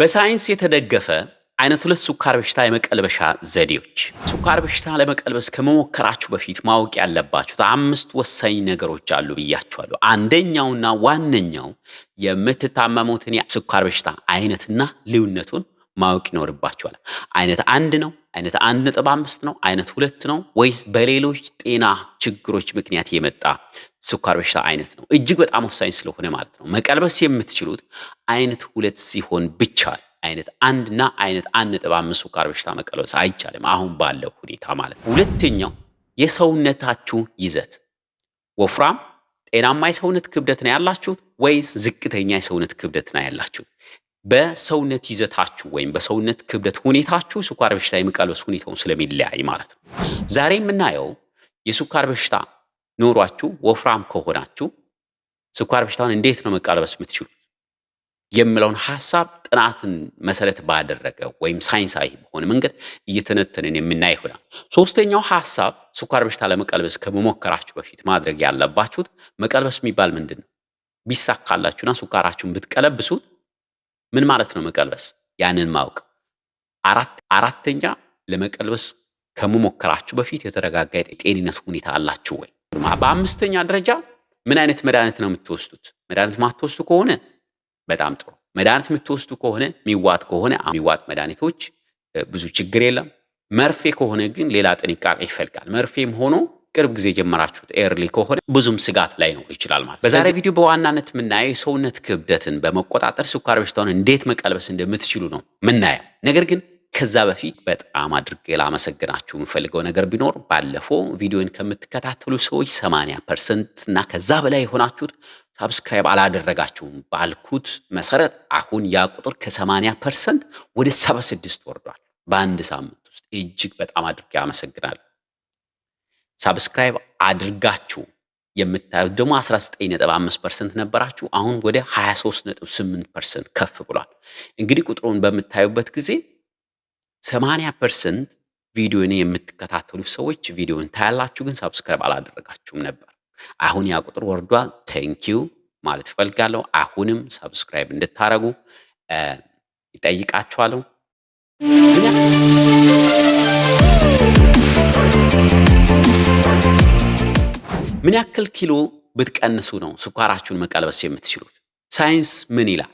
በሳይንስ የተደገፈ አይነት ሁለት ሱካር በሽታ የመቀልበሻ ዘዴዎች። ሱካር በሽታ ለመቀልበስ ከመሞከራችሁ በፊት ማወቅ ያለባችሁት አምስት ወሳኝ ነገሮች አሉ ብያችኋለሁ። አንደኛውና ዋነኛው የምትታመሙትን ሱካር በሽታ አይነትና ልዩነቱን ማወቅ ይኖርባችኋል። አይነት አንድ ነው፣ አይነት አንድ ነጥብ አምስት ነው፣ አይነት ሁለት ነው ወይስ በሌሎች ጤና ችግሮች ምክንያት የመጣ ስኳር በሽታ አይነት ነው። እጅግ በጣም ወሳኝ ስለሆነ ማለት ነው። መቀልበስ የምትችሉት አይነት ሁለት ሲሆን ብቻ አይነት አንድ እና አይነት አንድ ነጥብ አምስት ስኳር በሽታ መቀልበስ አይቻልም፣ አሁን ባለው ሁኔታ ማለት ነው። ሁለተኛው የሰውነታችሁ ይዘት ወፍራም ጤናማ የሰውነት ክብደት ነው ያላችሁት ወይስ ዝቅተኛ የሰውነት ክብደት ነው ያላችሁት? በሰውነት ይዘታችሁ ወይም በሰውነት ክብደት ሁኔታችሁ ስኳር በሽታ የመቀልበስ ሁኔታውን ስለሚለያይ ማለት ነው። ዛሬ የምናየው የስኳር በሽታ ኖሯችሁ ወፍራም ከሆናችሁ ስኳር በሽታውን እንዴት ነው መቃለበስ የምትችሉ የምለውን ሀሳብ ጥናትን መሰረት ባደረገ ወይም ሳይንሳዊ በሆነ መንገድ እየተነተንን የምናይ ይሆናል። ሶስተኛው ሀሳብ ስኳር በሽታ ለመቀልበስ ከመሞከራችሁ በፊት ማድረግ ያለባችሁት መቀልበስ የሚባል ምንድን ነው? ቢሳካላችሁና ስኳራችሁን ብትቀለብሱት ምን ማለት ነው መቀልበስ? ያንን ማወቅ። አራተኛ ለመቀልበስ ከመሞከራችሁ በፊት የተረጋጋ የጤንነት ሁኔታ አላችሁ ወይ? በአምስተኛ ደረጃ ምን አይነት መድኃኒት ነው የምትወስዱት? መድኃኒት ማትወስዱ ከሆነ በጣም ጥሩ። መድኃኒት የምትወስዱ ከሆነ የሚዋጥ ከሆነ የሚዋጥ መድኃኒቶች ብዙ ችግር የለም። መርፌ ከሆነ ግን ሌላ ጥንቃቄ ይፈልጋል። መርፌም ሆኖ ቅርብ ጊዜ የጀመራችሁት ኤርሊ ከሆነ ብዙም ስጋት ላይ ነው ይችላል ማለት። በዛሬ ቪዲዮ በዋናነት የምናየው የሰውነት ክብደትን በመቆጣጠር ስኳር በሽታውን እንዴት መቀልበስ እንደምትችሉ ነው ምናየው ነገር ግን ከዛ በፊት በጣም አድርጌ ላመሰግናችሁ የምፈልገው ነገር ቢኖር ባለፈው ቪዲዮን ከምትከታተሉ ሰዎች 80 ፐርሰንት እና ከዛ በላይ የሆናችሁት ሳብስክራይብ አላደረጋችሁም ባልኩት መሰረት አሁን ያ ቁጥር ከ80 ፐርሰንት ወደ 76 ወርዷል። በአንድ ሳምንት ውስጥ እጅግ በጣም አድርጌ አመሰግናል። ሳብስክራይብ አድርጋችሁ የምታዩት ደግሞ 19.5 ፐርሰንት ነበራችሁ። አሁን ወደ 23.8 ፐርሰንት ከፍ ብሏል። እንግዲህ ቁጥሩን በምታዩበት ጊዜ ሰማንያ ፐርሰንት ቪዲዮን የምትከታተሉ ሰዎች ቪዲዮን ታያላችሁ፣ ግን ሰብስክራይብ አላደረጋችሁም ነበር። አሁን ያ ቁጥር ወርዷል። ቴንኪዩ ማለት እፈልጋለሁ። አሁንም ሰብስክራይብ እንድታረጉ ይጠይቃችኋለሁ። ምን ያክል ኪሎ ብትቀንሱ ነው ስኳራችሁን መቀልበስ የምትችሉት? ሳይንስ ምን ይላል?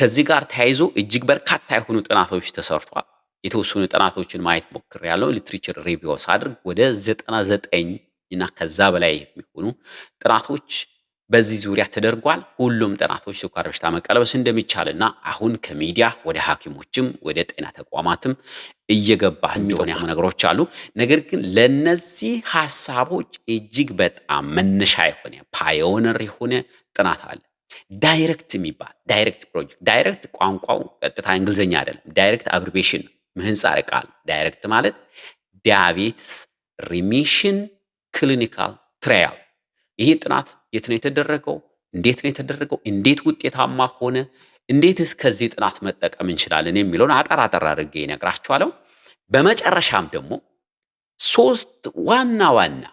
ከዚህ ጋር ተያይዞ እጅግ በርካታ የሆኑ ጥናቶች ተሰርቷል። የተወሰኑ ጥናቶችን ማየት ሞክር ያለው ሊትሬቸር ሪቪው ሳድርግ ወደ 99 እና ከዛ በላይ የሚሆኑ ጥናቶች በዚህ ዙሪያ ተደርጓል። ሁሉም ጥናቶች ስኳር በሽታ መቀለበስ እንደሚቻልና አሁን ከሚዲያ ወደ ሐኪሞችም ወደ ጤና ተቋማትም እየገባ እንደሆነ ነገሮች አሉ። ነገር ግን ለነዚህ ሀሳቦች እጅግ በጣም መነሻ የሆነ ፓዮነር የሆነ ጥናት አለ። ዳይሬክት የሚባል ዳይሬክት ፕሮጀክት። ዳይሬክት ቋንቋው ቀጥታ እንግሊዝኛ አይደለም፣ ዳይሬክት አብሪቤሽን ነው ምህንጻረ ቃል ዳይሬክት ማለት ዲያቤትስ ሪሚሽን ክሊኒካል ትራያል። ይሄ ጥናት የት ነው የተደረገው? እንዴት ነው የተደረገው? እንዴት ውጤታማ ሆነ? እንዴት እስከዚህ ጥናት መጠቀም እንችላለን የሚለውን አጠር አጠር አድርጌ ይነግራችኋለሁ። በመጨረሻም ደግሞ ሶስት ዋና ዋና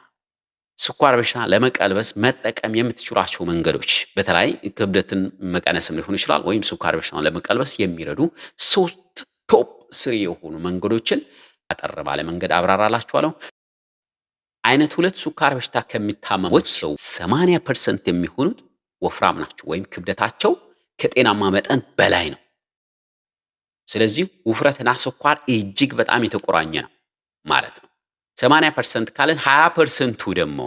ስኳር በሽታ ለመቀልበስ መጠቀም የምትችሏቸው መንገዶች በተለይ ክብደትን መቀነስም ሊሆን ይችላል፣ ወይም ስኳር በሽታን ለመቀልበስ የሚረዱ ሶስት ስሪ የሆኑ መንገዶችን አጠር ባለ መንገድ አብራራላችኋለሁ። አይነት ሁለት ሱካር በሽታ ከሚታመሙት ሰው 80 ፐርሰንት የሚሆኑት ወፍራም ናቸው ወይም ክብደታቸው ከጤናማ መጠን በላይ ነው። ስለዚህ ውፍረትና ስኳር እጅግ በጣም የተቆራኘ ነው ማለት ነው። 80 ፐርሰንት ካለን 20 ፐርሰንቱ ደግሞ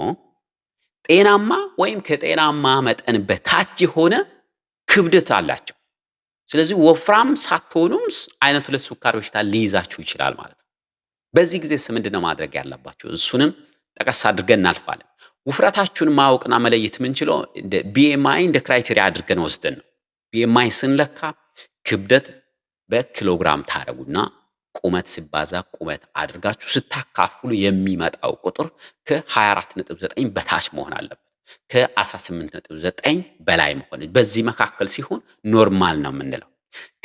ጤናማ ወይም ከጤናማ መጠን በታች የሆነ ክብደት አላቸው። ስለዚህ ወፍራም ሳትሆኑም አይነት ሁለት ስኳር በሽታ ሊይዛችሁ ይችላል ማለት ነው። በዚህ ጊዜ ምንድነው ማድረግ ያለባችሁ? እሱንም ጠቀስ አድርገን እናልፋለን። ውፍረታችሁን ማወቅና መለየት የምንችለው ቢኤምአይ እንደ ክራይቴሪያ አድርገን ወስደን ነው። ቢኤምአይ ስንለካ ክብደት በኪሎግራም ታደረጉና ቁመት ሲባዛ ቁመት አድርጋችሁ ስታካፍሉ የሚመጣው ቁጥር ከ24.9 በታች መሆን አለበት። ከ18.9 በላይ መሆን በዚህ መካከል ሲሆን ኖርማል ነው የምንለው።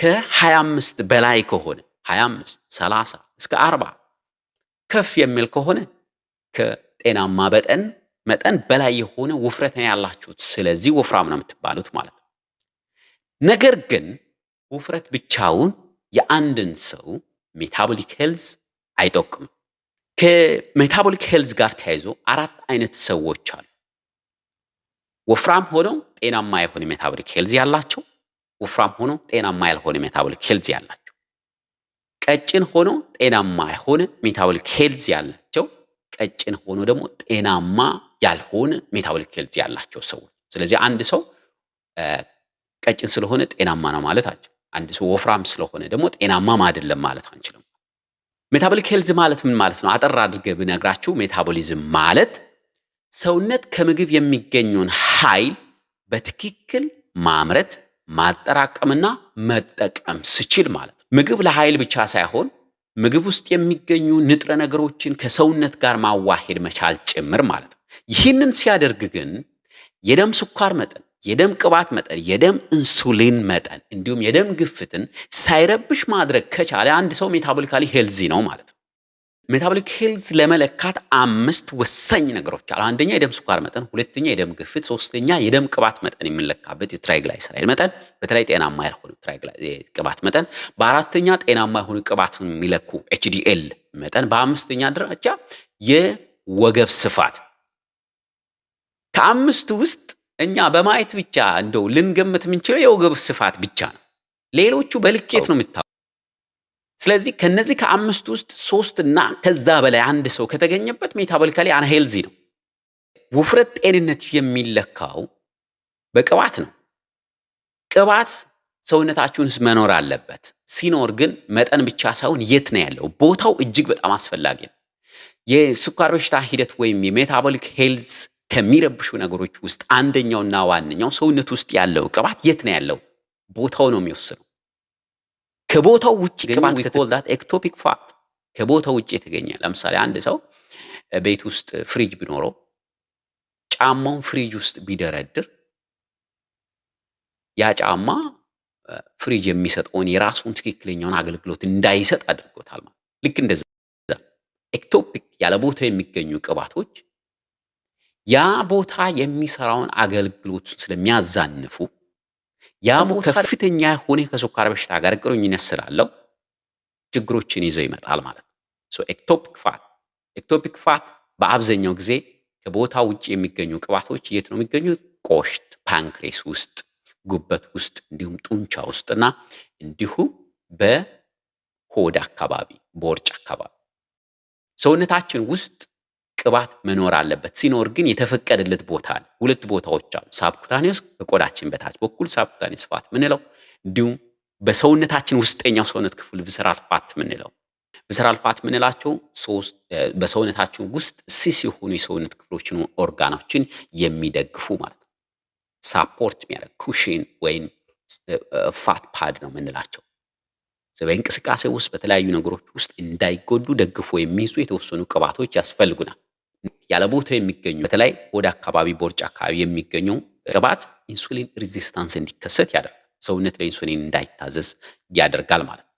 ከ25 በላይ ከሆነ 25፣ 30 እስከ 40 ከፍ የሚል ከሆነ ከጤናማ በጠን መጠን በላይ የሆነ ውፍረት ነው ያላችሁት። ስለዚህ ወፍራም ነው የምትባሉት ማለት ነው። ነገር ግን ውፍረት ብቻውን የአንድን ሰው ሜታቦሊክ ሄልዝ አይጠቅም። ከሜታቦሊክ ሄልዝ ጋር ተያይዞ አራት አይነት ሰዎች አሉ። ወፍራም ሆነው ጤናማ የሆነ ሜታቦሊክ ሄልዝ ያላቸው ወፍራም ሆኖ ጤናማ ያልሆነ ሜታቦሊክ ሄልዝ ያላቸው፣ ቀጭን ሆኖ ጤናማ ያልሆነ ሜታቦሊክ ሄልዝ ያላቸው፣ ቀጭን ሆኖ ደግሞ ጤናማ ያልሆነ ሜታቦሊክ ሄልዝ ያላቸው ሰዎች። ስለዚህ አንድ ሰው ቀጭን ስለሆነ ጤናማ ነው ማለት አንችልም። አንድ ሰው ወፍራም ስለሆነ ደግሞ ጤናማም አይደለም ማለት አንችልም። ሜታቦሊክ ሄልዝ ማለት ምን ማለት ነው? አጠር አድርገ ብነግራችሁ ሜታቦሊዝም ማለት ሰውነት ከምግብ የሚገኘውን ኃይል በትክክል ማምረት ማጠራቀምና መጠቀም ስችል ማለት ነው። ምግብ ለኃይል ብቻ ሳይሆን ምግብ ውስጥ የሚገኙ ንጥረ ነገሮችን ከሰውነት ጋር ማዋሄድ መቻል ጭምር ማለት ነው። ይህንን ሲያደርግ ግን የደም ስኳር መጠን፣ የደም ቅባት መጠን፣ የደም ኢንሱሊን መጠን እንዲሁም የደም ግፍትን ሳይረብሽ ማድረግ ከቻለ አንድ ሰው ሜታቦሊካሊ ሄልዚ ነው ማለት ነው። ሜታቦሊክ ሄልዝ ለመለካት አምስት ወሳኝ ነገሮች አሉ። አንደኛ የደም ስኳር መጠን፣ ሁለተኛ የደም ግፊት፣ ሶስተኛ የደም ቅባት መጠን የምንለካበት የትራይግላይሰራይድ መጠን፣ በተለይ ጤናማ ያልሆኑ ቅባት መጠን፣ በአራተኛ ጤናማ የሆኑ ቅባት የሚለኩ ኤችዲኤል መጠን፣ በአምስተኛ ደረጃ የወገብ ስፋት። ከአምስቱ ውስጥ እኛ በማየት ብቻ እንደው ልንገምት የምንችለው የወገብ ስፋት ብቻ ነው። ሌሎቹ በልኬት ነው የሚታወ ስለዚህ ከነዚህ ከአምስት ውስጥ ሶስት እና ከዛ በላይ አንድ ሰው ከተገኘበት ሜታቦሊካሊ አንሄልዚ ነው። ውፍረት ጤንነት የሚለካው በቅባት ነው። ቅባት ሰውነታችሁን መኖር አለበት። ሲኖር ግን መጠን ብቻ ሳይሆን የት ነው ያለው ቦታው እጅግ በጣም አስፈላጊ ነው። የስኳር በሽታ ሂደት ወይም የሜታቦሊክ ሄልዝ ከሚረብሹ ነገሮች ውስጥ አንደኛውና ዋነኛው ሰውነት ውስጥ ያለው ቅባት የት ነው ያለው ቦታው ነው የሚወስነው። ከቦታው ውጭ ኤክቶፒክ ፋት ከቦታው ውጭ የተገኘ ለምሳሌ አንድ ሰው ቤት ውስጥ ፍሪጅ ቢኖረው ጫማውን ፍሪጅ ውስጥ ቢደረድር ያ ጫማ ፍሪጅ የሚሰጠውን የራሱን ትክክለኛውን አገልግሎት እንዳይሰጥ አድርጎታል ማለት ልክ እንደዛ ኤክቶፒክ ያለ ቦታ የሚገኙ ቅባቶች ያ ቦታ የሚሰራውን አገልግሎት ስለሚያዛንፉ ያሞ ከፍተኛ የሆነ ከስኳር በሽታ ጋር ግንኙነት ስላለው ችግሮችን ይዞ ይመጣል ማለት ነው። ኤክቶፒክ ፋት ኤክቶፒክ ፋት በአብዛኛው ጊዜ ከቦታ ውጭ የሚገኙ ቅባቶች የት ነው የሚገኙት? ቆሽት፣ ፓንክሬስ ውስጥ፣ ጉበት ውስጥ እንዲሁም ጡንቻ ውስጥና እንዲሁም በሆድ አካባቢ፣ በወርጭ አካባቢ ሰውነታችን ውስጥ ቅባት መኖር አለበት። ሲኖር ግን የተፈቀደለት ቦታ አለ። ሁለት ቦታዎች አሉ። ሳብኩታኔስ በቆዳችን በታች በኩል ሳብኩታኔስ ፋት ምንለው፣ እንዲሁም በሰውነታችን ውስጠኛው ሰውነት ክፍል ቪሰራል ፋት ምንለው። ቪሰራል ፋት ምንላቸው በሰውነታችን ውስጥ ሲስ የሆኑ የሰውነት ክፍሎችን ኦርጋኖችን የሚደግፉ ማለት ነው። ሳፖርት የሚያደርግ ኩሽን ወይም ፋት ፓድ ነው ምንላቸው በእንቅስቃሴ ውስጥ በተለያዩ ነገሮች ውስጥ እንዳይጎዱ ደግፎ የሚይዙ የተወሰኑ ቅባቶች ያስፈልጉናል። ያለቦታው የሚገኙ በተለይ ወደ አካባቢ ቦርጭ አካባቢ የሚገኘው ቅባት ኢንሱሊን ሪዚስታንስ እንዲከሰት ያደርጋል። ሰውነት ለኢንሱሊን እንዳይታዘዝ ያደርጋል ማለት ነው።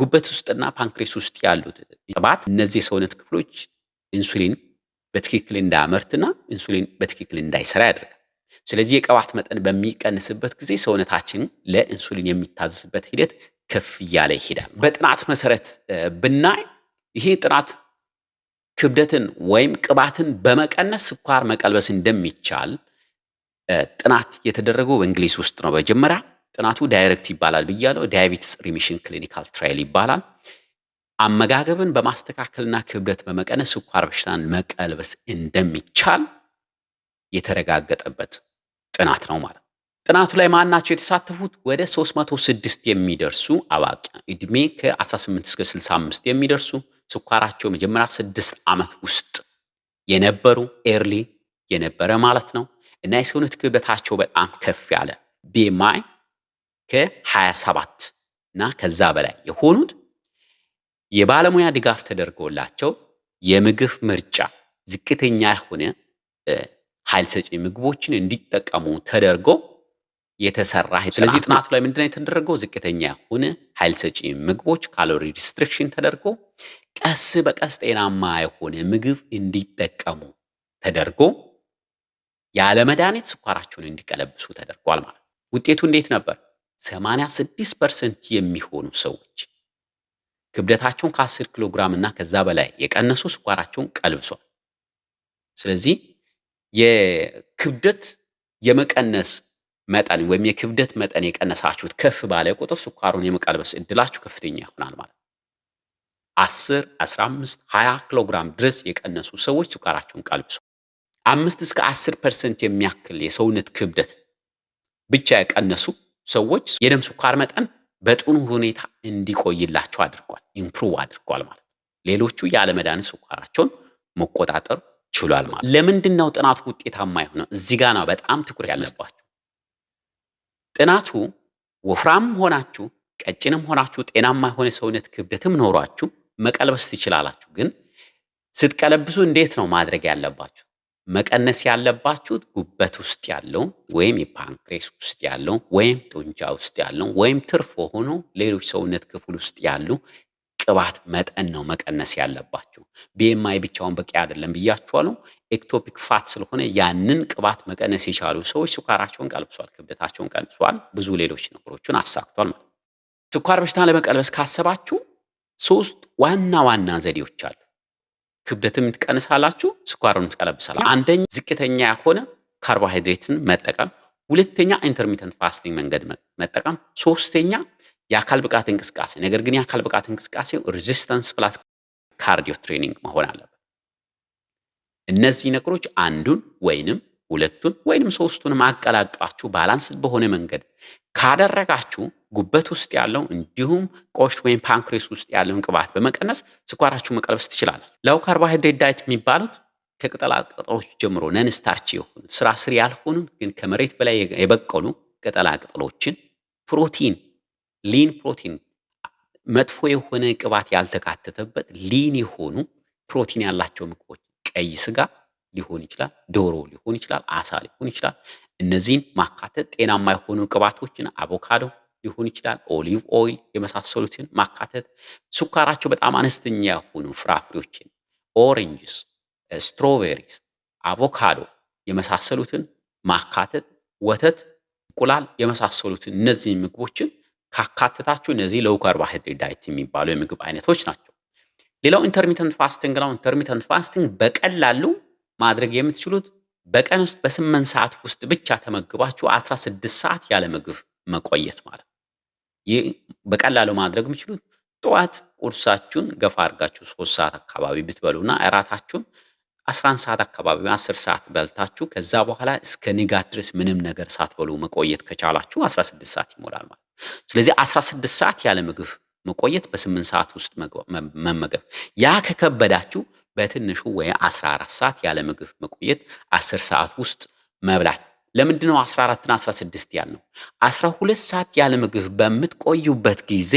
ጉበት ውስጥና ፓንክሬስ ውስጥ ያሉት ቅባት እነዚህ የሰውነት ክፍሎች ኢንሱሊን በትክክል እንዳያመርትና ኢንሱሊን በትክክል እንዳይሰራ ያደርጋል። ስለዚህ የቅባት መጠን በሚቀንስበት ጊዜ ሰውነታችን ለኢንሱሊን የሚታዘዝበት ሂደት ከፍ እያለ ይሄዳል። በጥናት መሰረት ብናይ ይሄ ጥናት ክብደትን ወይም ቅባትን በመቀነስ ስኳር መቀልበስ እንደሚቻል ጥናት የተደረገው በእንግሊዝ ውስጥ ነው። መጀመሪያ ጥናቱ ዳይሬክት ይባላል ብያለው። ዳያቢትስ ሪሚሽን ክሊኒካል ትራይል ይባላል። አመጋገብን በማስተካከልና ክብደት በመቀነስ ስኳር በሽታን መቀልበስ እንደሚቻል የተረጋገጠበት ጥናት ነው ማለት ነው። ጥናቱ ላይ ማናቸው የተሳተፉት? ወደ 306 የሚደርሱ አዋቂ እድሜ ከ18 እስከ 65 የሚደርሱ ስኳራቸው መጀመሪያ ስድስት ዓመት ውስጥ የነበሩ ኤርሊ የነበረ ማለት ነው እና የሰውነት ክብደታቸው በጣም ከፍ ያለ ቢኤምአይ ከ27 እና ከዛ በላይ የሆኑት የባለሙያ ድጋፍ ተደርጎላቸው የምግብ ምርጫ ዝቅተኛ የሆነ ኃይል ሰጪ ምግቦችን እንዲጠቀሙ ተደርጎ የተሰራ ስለዚህ ጥናቱ ላይ ምንድን የተደረገው? ዝቅተኛ የሆነ ኃይል ሰጪ ምግቦች ካሎሪ ሪስትሪክሽን ተደርጎ ቀስ በቀስ ጤናማ የሆነ ምግብ እንዲጠቀሙ ተደርጎ ያለ መድኃኒት ስኳራቸውን እንዲቀለብሱ ተደርጓል ማለት ነው። ውጤቱ እንዴት ነበር? 86 ፐርሰንት የሚሆኑ ሰዎች ክብደታቸውን ከ10 ኪሎ ግራም እና ከዛ በላይ የቀነሱ ስኳራቸውን ቀልብሷል። ስለዚህ የክብደት የመቀነስ መጠን ወይም የክብደት መጠን የቀነሳችሁት ከፍ ባለ ቁጥር ስኳሩን የመቀልበስ እድላችሁ ከፍተኛ ይሆናል ማለት ነው። 10፣ 15፣ 20 ኪሎ ግራም ድረስ የቀነሱ ሰዎች ስኳራቸውን ቀልብሱ። አምስት እስከ 10 ፐርሰንት የሚያክል የሰውነት ክብደት ብቻ የቀነሱ ሰዎች የደም ስኳር መጠን በጥሩ ሁኔታ እንዲቆይላቸው አድርጓል፣ ኢምፕሩቭ አድርጓል ማለት ነው። ሌሎቹ ያለመዳን ስኳራቸውን መቆጣጠር ችሏል ማለት። ለምንድን ነው ጥናቱ ውጤታማ የሆነው? እዚህ ጋ ነው በጣም ትኩረት ያለባቸው። ጥናቱ ወፍራም ሆናችሁ ቀጭንም ሆናችሁ ጤናማ የሆነ ሰውነት ክብደትም ኖሯችሁ መቀልበስ ትችላላችሁ። ግን ስትቀለብሱ እንዴት ነው ማድረግ ያለባችሁ? መቀነስ ያለባችሁት ጉበት ውስጥ ያለው ወይም የፓንክሬስ ውስጥ ያለው ወይም ጡንቻ ውስጥ ያለው ወይም ትርፍ ሆኖ ሌሎች ሰውነት ክፍል ውስጥ ያሉ የቅባት መጠን ነው መቀነስ ያለባችሁ። ቢኤምአይ ብቻውን በቂ አይደለም ብያችኋሉ ኤክቶፒክ ፋት ስለሆነ ያንን ቅባት መቀነስ የቻሉ ሰዎች ስኳራቸውን ቀልብሷል፣ ክብደታቸውን ቀንሷል፣ ብዙ ሌሎች ነገሮችን አሳክቷል ማለት ነው። ስኳር በሽታን ለመቀልበስ ካሰባችሁ ሶስት ዋና ዋና ዘዴዎች አሉ። ክብደትም ትቀንሳላችሁ፣ ስኳርን ትቀለብሳል። አንደኛ ዝቅተኛ የሆነ ካርቦሃይድሬትን መጠቀም፣ ሁለተኛ ኢንተርሚተንት ፋስቲንግ መንገድ መጠቀም፣ ሶስተኛ የአካል ብቃት እንቅስቃሴ ነገር ግን የአካል ብቃት እንቅስቃሴው ሬዚስተንስ ፕላስ ካርዲዮ ትሬኒንግ መሆን አለበት። እነዚህ ነገሮች አንዱን ወይንም ሁለቱን ወይንም ሶስቱንም አቀላቅላችሁ ባላንስ በሆነ መንገድ ካደረጋችሁ ጉበት ውስጥ ያለው እንዲሁም ቆሽት ወይም ፓንክሬስ ውስጥ ያለውን ቅባት በመቀነስ ስኳራችሁ መቀልበስ ትችላላችሁ። ለው ካርቦሃይድሬት ዳይት የሚባሉት ከቅጠላ ቅጠሎች ጀምሮ ነን ስታርች የሆኑ ስራ ስር ያልሆኑ ግን ከመሬት በላይ የበቀሉ ቅጠላ ቅጠሎችን ፕሮቲን ሊን ፕሮቲን መጥፎ የሆነ ቅባት ያልተካተተበት ሊን የሆኑ ፕሮቲን ያላቸው ምግቦች ቀይ ስጋ ሊሆን ይችላል፣ ዶሮ ሊሆን ይችላል፣ አሳ ሊሆን ይችላል። እነዚህን ማካተት ጤናማ የሆኑ ቅባቶችን አቮካዶ ሊሆን ይችላል፣ ኦሊቭ ኦይል የመሳሰሉትን ማካተት፣ ስኳራቸው በጣም አነስተኛ የሆኑ ፍራፍሬዎችን ኦሬንጅስ፣ ስትሮቤሪስ፣ አቮካዶ የመሳሰሉትን ማካተት፣ ወተት፣ እንቁላል የመሳሰሉትን እነዚህን ምግቦችን ካካተታችሁ እነዚህ ሎው ካርቦሃይድሬት ዳይት የሚባሉ የምግብ አይነቶች ናቸው። ሌላው ኢንተርሚተንት ፋስቲንግ ነው። ኢንተርሚተንት ፋስቲንግ በቀላሉ ማድረግ የምትችሉት በቀን ውስጥ በስምንት ሰዓት ውስጥ ብቻ ተመግባችሁ 16 ሰዓት ያለ ምግብ መቆየት ማለት ነው። ይህ በቀላሉ ማድረግ የምትችሉት ጠዋት ቁርሳችሁን ገፋ አድርጋችሁ ሶስት ሰዓት አካባቢ ብትበሉና እራታችሁን 11 ሰዓት አካባቢ 10 ሰዓት በልታችሁ ከዛ በኋላ እስከ ንጋት ድረስ ምንም ነገር ሳትበሉ መቆየት ከቻላችሁ 16 ሰዓት ይሞላል ማለት ነው። ስለዚህ 16 ሰዓት ያለ ምግብ መቆየት፣ በ8 ሰዓት ውስጥ መመገብ። ያ ከከበዳችሁ በትንሹ ወይ 14 ሰዓት ያለ ምግብ መቆየት፣ 10 ሰዓት ውስጥ መብላት። ለምንድነው ነው 14 እና 16 ያልነው? 12 ሰዓት ያለ ምግብ በምትቆዩበት ጊዜ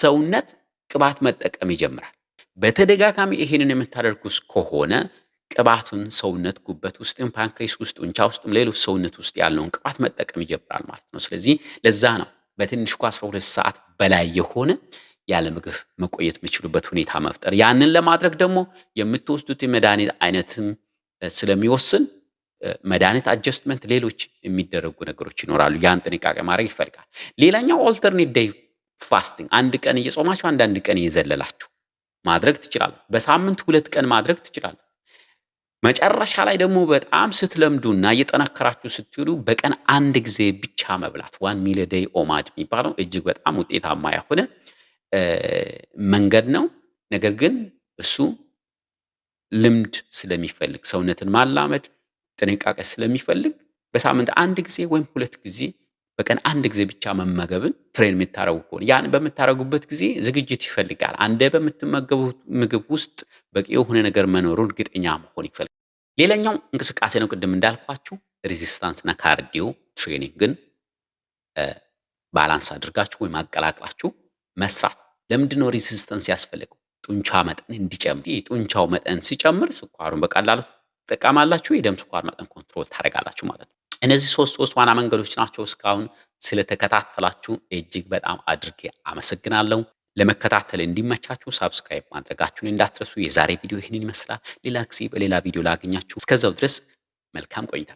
ሰውነት ቅባት መጠቀም ይጀምራል። በተደጋጋሚ ይህንን የምታደርጉት ከሆነ ቅባቱን ሰውነት ጉበት ውስጥም ፓንክሬስ ውስጥ ጡንቻ ውስጥም ሌሎች ሰውነት ውስጥ ያለውን ቅባት መጠቀም ይጀምራል ማለት ነው። ስለዚህ ለዛ ነው በትንሽ በትንሹ 12 ሰዓት በላይ የሆነ ያለ ምግብ መቆየት የምችሉበት ሁኔታ መፍጠር። ያንን ለማድረግ ደግሞ የምትወስዱት የመድኃኒት አይነትም ስለሚወስን መድኃኒት አጀስትመንት፣ ሌሎች የሚደረጉ ነገሮች ይኖራሉ። ያን ጥንቃቄ ማድረግ ይፈልጋል። ሌላኛው ኦልተርኔት ዴይ ፋስቲንግ፣ አንድ ቀን እየጾማችሁ አንዳንድ ቀን እየዘለላችሁ ማድረግ ትችላለ። በሳምንት ሁለት ቀን ማድረግ ትችላለ። መጨረሻ ላይ ደግሞ በጣም ስትለምዱና እየጠነከራችሁ ስትሉ በቀን አንድ ጊዜ ብቻ መብላት ዋን ሚል ኦማድ የሚባለው እጅግ በጣም ውጤታማ የሆነ መንገድ ነው። ነገር ግን እሱ ልምድ ስለሚፈልግ ሰውነትን ማላመድ ጥንቃቄ ስለሚፈልግ በሳምንት አንድ ጊዜ ወይም ሁለት ጊዜ በቀን አንድ ጊዜ ብቻ መመገብን ትሬን የምታደረጉ ከሆነ ያን በምታደረጉበት ጊዜ ዝግጅት ይፈልጋል። አንደ በምትመገቡት ምግብ ውስጥ በቂ የሆነ ነገር መኖሩን እርግጠኛ መሆን ይፈልጋል። ሌላኛው እንቅስቃሴ ነው። ቅድም እንዳልኳችሁ ሬዚስታንስ እና ካርዲዮ ትሬኒንግን ባላንስ አድርጋችሁ ወይም አቀላቅላችሁ መስራት። ለምንድን ነው ሬዚስታንስ ያስፈልገው? ጡንቻ መጠን እንዲጨምር። የጡንቻው መጠን ሲጨምር ስኳሩን በቀላሉ ትጠቀማላችሁ፣ የደም ስኳር መጠን ኮንትሮል ታደርጋላችሁ ማለት ነው። እነዚህ ሶስት ሶስት ዋና መንገዶች ናቸው። እስካሁን ስለተከታተላችሁ እጅግ በጣም አድርጌ አመሰግናለሁ። ለመከታተል እንዲመቻችሁ ሳብስክራይብ ማድረጋችሁን እንዳትረሱ። የዛሬ ቪዲዮ ይህንን ይመስላል። ሌላ ጊዜ በሌላ ቪዲዮ ላገኛችሁ። እስከዛው ድረስ መልካም ቆይታ